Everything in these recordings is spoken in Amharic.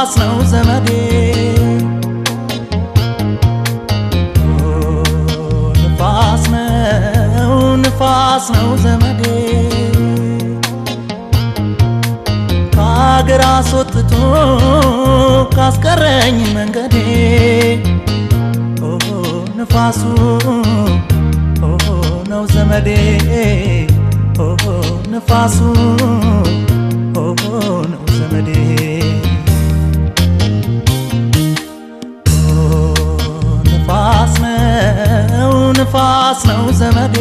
ኳስ ነው ዘመዴ ንፋስ ነው ንፋስ ነው ዘመዴ ከአገር አስወጥቶ ካስቀረኝ መንገዴ ንፋሱ ነው ዘመዴ ንፋሱ ነው ዘመዴ ኳስ ነው ዘመዴ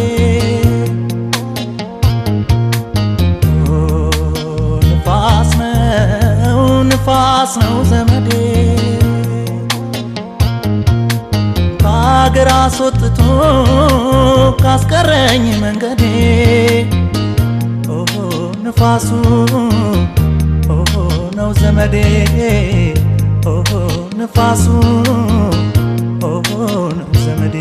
ንፋስ ነው ንፋስ ነው ዘመዴ ከአገር አስወጥቶ ካስቀረኝ መንገዴ ንፋሱ ነው ዘመዴ ንፋሱ ነው ዘመዴ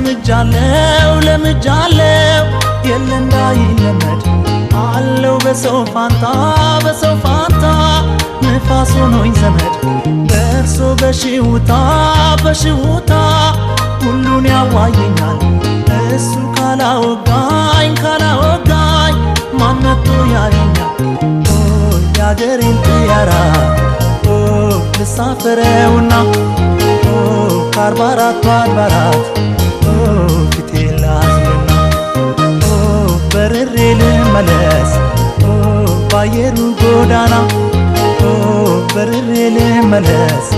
ለምጃለው ለምጃለው የለ እንዳይለመድ አለው በሰው ፋንታ በሰው ፋንታ ንፋስ ሆኖኝ ዘመድ በእርሶ በሽውታ በሽውታ ሁሉን ያዋየኛል እሱ ካላወጋኝ ካላወጋኝ ማነቶ ያለኛል የአገሬን ጥያራ ልሳፍረውና ከአርባ አራቱ አድባራት ፊቴ ላዝንና በርሬ ልመለስ ባየሩ ጎዳና በርሬ ልመለስ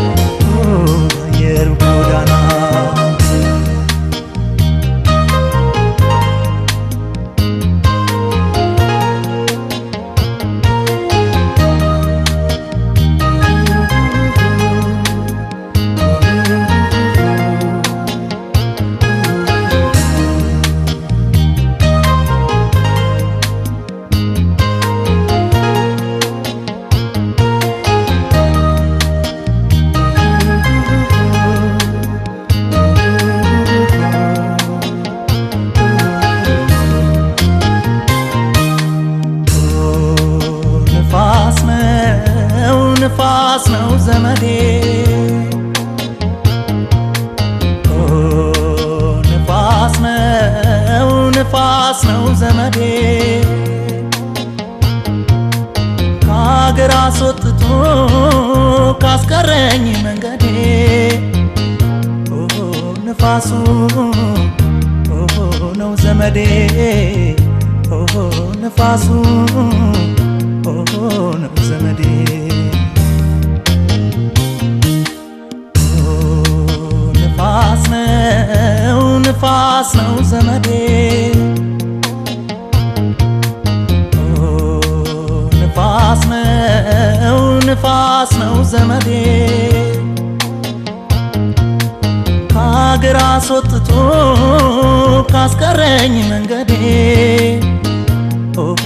ፈቃዴ ከሀገር አስወጥቶ ካስቀረኝ መንገዴ ነፋሱ ነው ዘመዴ ነፋሱ ነው ዘመዴ ነፋስ ነው ንፋስ ነው ዘመዴ አስወጥቶ ካስቀረኝ መንገዴ ኦሆ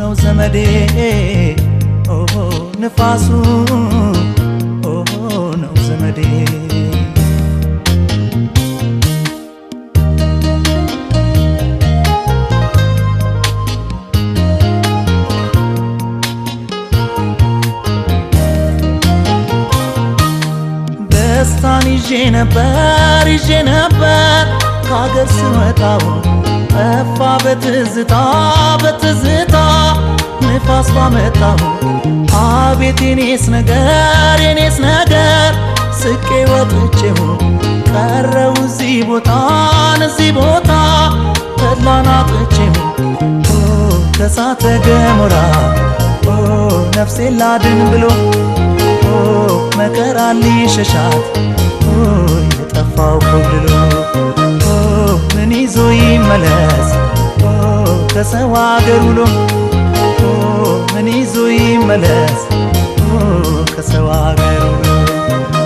ነው ዘመዴ ንፋሱ ይዤ ነበር ይዤ ነበር ከሀገር ስወጣው ጠፋ በትዝታ በትዝታ ንፋስ ባመጣው አቤት የኔስ ነገር የኔስ ነገር ስቄ ወጥቼው ቀረው እዚህ ቦታን እዚህ ቦታ ተድላን አጥቼው ከእሳተ ገሞራ ነፍሴን ላድን ብሎ መከራ ሊሸሻት የጠፋው ኮብልሎ ምን ይዞ ይመለስ ከሰው አገር ውሎ ምን ይዞ ይመለስ ከሰው አገር ውሎ